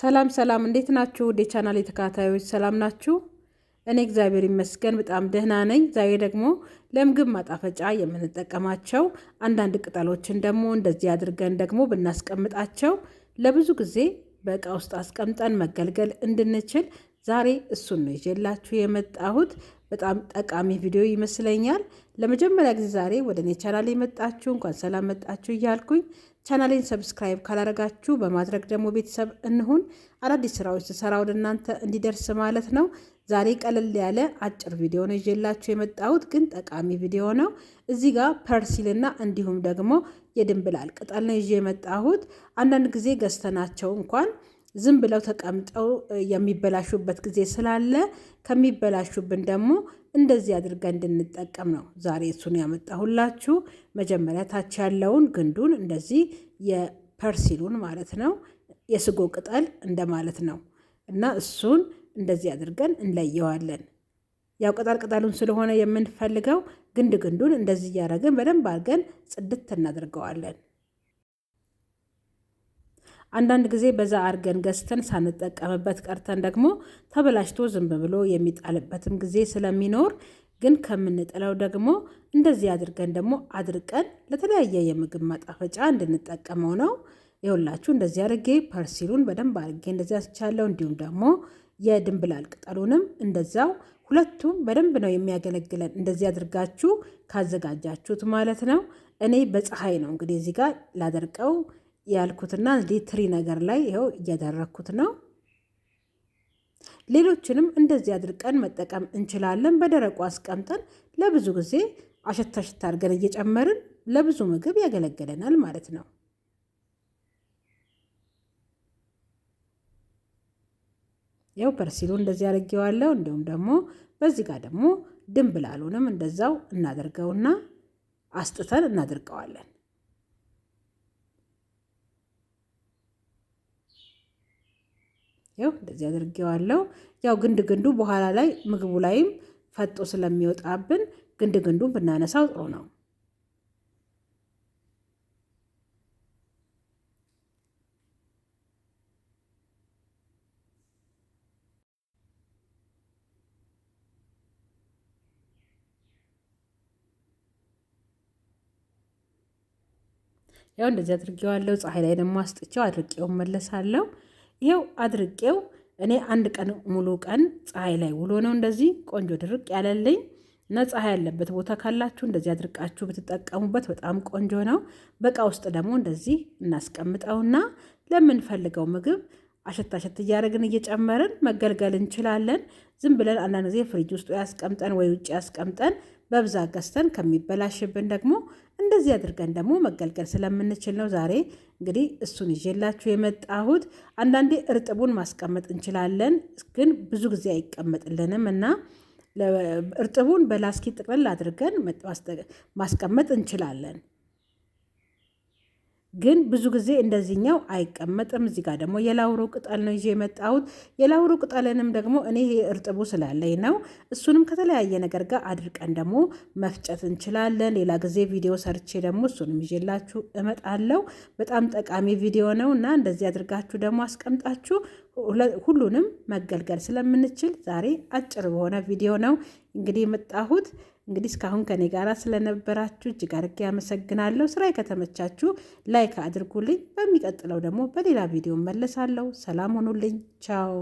ሰላም ሰላም፣ እንዴት ናችሁ? ወደ ቻናል የተከታታዮች ሰላም ናችሁ? እኔ እግዚአብሔር ይመስገን በጣም ደህና ነኝ። ዛሬ ደግሞ ለምግብ ማጣፈጫ የምንጠቀማቸው አንዳንድ ቅጠሎችን ደግሞ እንደዚህ አድርገን ደግሞ ብናስቀምጣቸው ለብዙ ጊዜ በእቃ ውስጥ አስቀምጠን መገልገል እንድንችል ዛሬ እሱን ነው ይዤላችሁ የመጣሁት። በጣም ጠቃሚ ቪዲዮ ይመስለኛል። ለመጀመሪያ ጊዜ ዛሬ ወደ እኔ ቻናል የመጣችሁ እንኳን ሰላም መጣችሁ እያልኩኝ ቻናሌን ሰብስክራይብ ካላረጋችሁ በማድረግ ደግሞ ቤተሰብ እንሁን። አዳዲስ ስራዎች ስሰራ ወደ እናንተ እንዲደርስ ማለት ነው። ዛሬ ቀለል ያለ አጭር ቪዲዮ ነው ይዤላችሁ የመጣሁት፣ ግን ጠቃሚ ቪዲዮ ነው። እዚህ ጋር ፐርሲልና እንዲሁም ደግሞ የድንብላል ቅጠል ነው ይዤ የመጣሁት። አንዳንድ ጊዜ ገዝተናቸው እንኳን ዝም ብለው ተቀምጠው የሚበላሹበት ጊዜ ስላለ ከሚበላሹብን ደግሞ እንደዚህ አድርገን እንድንጠቀም ነው ዛሬ እሱን ያመጣሁላችሁ። መጀመሪያ ታች ያለውን ግንዱን እንደዚህ የፐርሲሉን ማለት ነው የስጎ ቅጠል እንደማለት ነው እና እሱን እንደዚህ አድርገን እንለየዋለን። ያው ቅጠል ቅጠሉን ስለሆነ የምንፈልገው ግንድ ግንዱን እንደዚህ እያደረግን በደንብ አድርገን ጽድት እናደርገዋለን። አንዳንድ ጊዜ በዛ አድርገን ገዝተን ሳንጠቀምበት ቀርተን ደግሞ ተበላሽቶ ዝም ብሎ የሚጣልበትም ጊዜ ስለሚኖር ግን ከምንጥለው ደግሞ እንደዚህ አድርገን ደግሞ አድርቀን ለተለያየ የምግብ ማጣፈጫ እንድንጠቀመው ነው። ይኸውላችሁ እንደዚህ አድርጌ ፐርሲሉን በደንብ አድርጌ እንደዚህ አስቻለው። እንዲሁም ደግሞ የድንብላል ቅጠሉንም እንደዛው ሁለቱም በደንብ ነው የሚያገለግለን። እንደዚህ አድርጋችሁ ካዘጋጃችሁት ማለት ነው። እኔ በፀሐይ ነው እንግዲህ እዚህ ጋር ላደርቀው ያልኩትና እዚህ ትሪ ነገር ላይ ይኸው እያደረግኩት ነው። ሌሎችንም እንደዚህ አድርቀን መጠቀም እንችላለን። በደረቁ አስቀምጠን ለብዙ ጊዜ አሸታ ሽታ አድርገን እየጨመርን ለብዙ ምግብ ያገለግለናል ማለት ነው። ያው ፐርሲሉ እንደዚህ አድርጌዋለሁ። እንዲሁም ደግሞ በዚህ ጋር ደግሞ ድንብላሉንም እንደዛው እናደርገውና አስጥተን እናደርቀዋለን። ይኸው እንደዚህ አድርጌዋለሁ። ያው ግንድ ግንዱ በኋላ ላይ ምግቡ ላይም ፈጦ ስለሚወጣብን ግንድ ግንዱን ብናነሳው ጥሩ ነው። ያው እንደዚህ አድርጌዋለሁ። ፀሐይ ላይ ደግሞ አስጥቼው አድርቄው መለሳለሁ። ይሄው አድርቄው እኔ አንድ ቀን ሙሉ ቀን ፀሐይ ላይ ውሎ ነው እንደዚህ ቆንጆ ድርቅ ያለልኝ እና ፀሐይ ያለበት ቦታ ካላችሁ እንደዚህ አድርቃችሁ ብትጠቀሙበት በጣም ቆንጆ ነው። በቃ ውስጥ ደግሞ እንደዚህ እናስቀምጠውና ለምንፈልገው ምግብ አሸት አሸት እያደረግን እየጨመርን መገልገል እንችላለን። ዝም ብለን አንዳንድ ጊዜ ፍሪጅ ውስጥ ያስቀምጠን ወይ ውጭ ያስቀምጠን በብዛት ገዝተን ከሚበላሽብን ደግሞ እንደዚህ አድርገን ደግሞ መገልገል ስለምንችል ነው። ዛሬ እንግዲህ እሱን ይዤላችሁ የመጣሁት። አንዳንዴ እርጥቡን ማስቀመጥ እንችላለን፣ ግን ብዙ ጊዜ አይቀመጥልንም እና እርጥቡን በላስኪ ጥቅልል አድርገን ማስቀመጥ እንችላለን። ግን ብዙ ጊዜ እንደዚህኛው አይቀመጥም። እዚህ ጋር ደግሞ የላውሮ ቅጠል ነው ይዤ የመጣሁት። የላውሮ ቅጠልንም ደግሞ እኔ ይሄ እርጥቡ ስላለኝ ነው። እሱንም ከተለያየ ነገር ጋር አድርቀን ደግሞ መፍጨት እንችላለን። ሌላ ጊዜ ቪዲዮ ሰርቼ ደግሞ እሱንም ይዤላችሁ እመጣለሁ። በጣም ጠቃሚ ቪዲዮ ነው እና እንደዚህ አድርጋችሁ ደግሞ አስቀምጣችሁ ሁሉንም መገልገል ስለምንችል ዛሬ አጭር በሆነ ቪዲዮ ነው እንግዲህ የመጣሁት። እንግዲህ እስካሁን ከኔ ጋር ስለነበራችሁ እጅግ አድርጌ ያመሰግናለሁ። ስራ ከተመቻችሁ ላይክ አድርጉልኝ። በሚቀጥለው ደግሞ በሌላ ቪዲዮ መለሳለሁ። ሰላም ሆኑልኝ። ቻው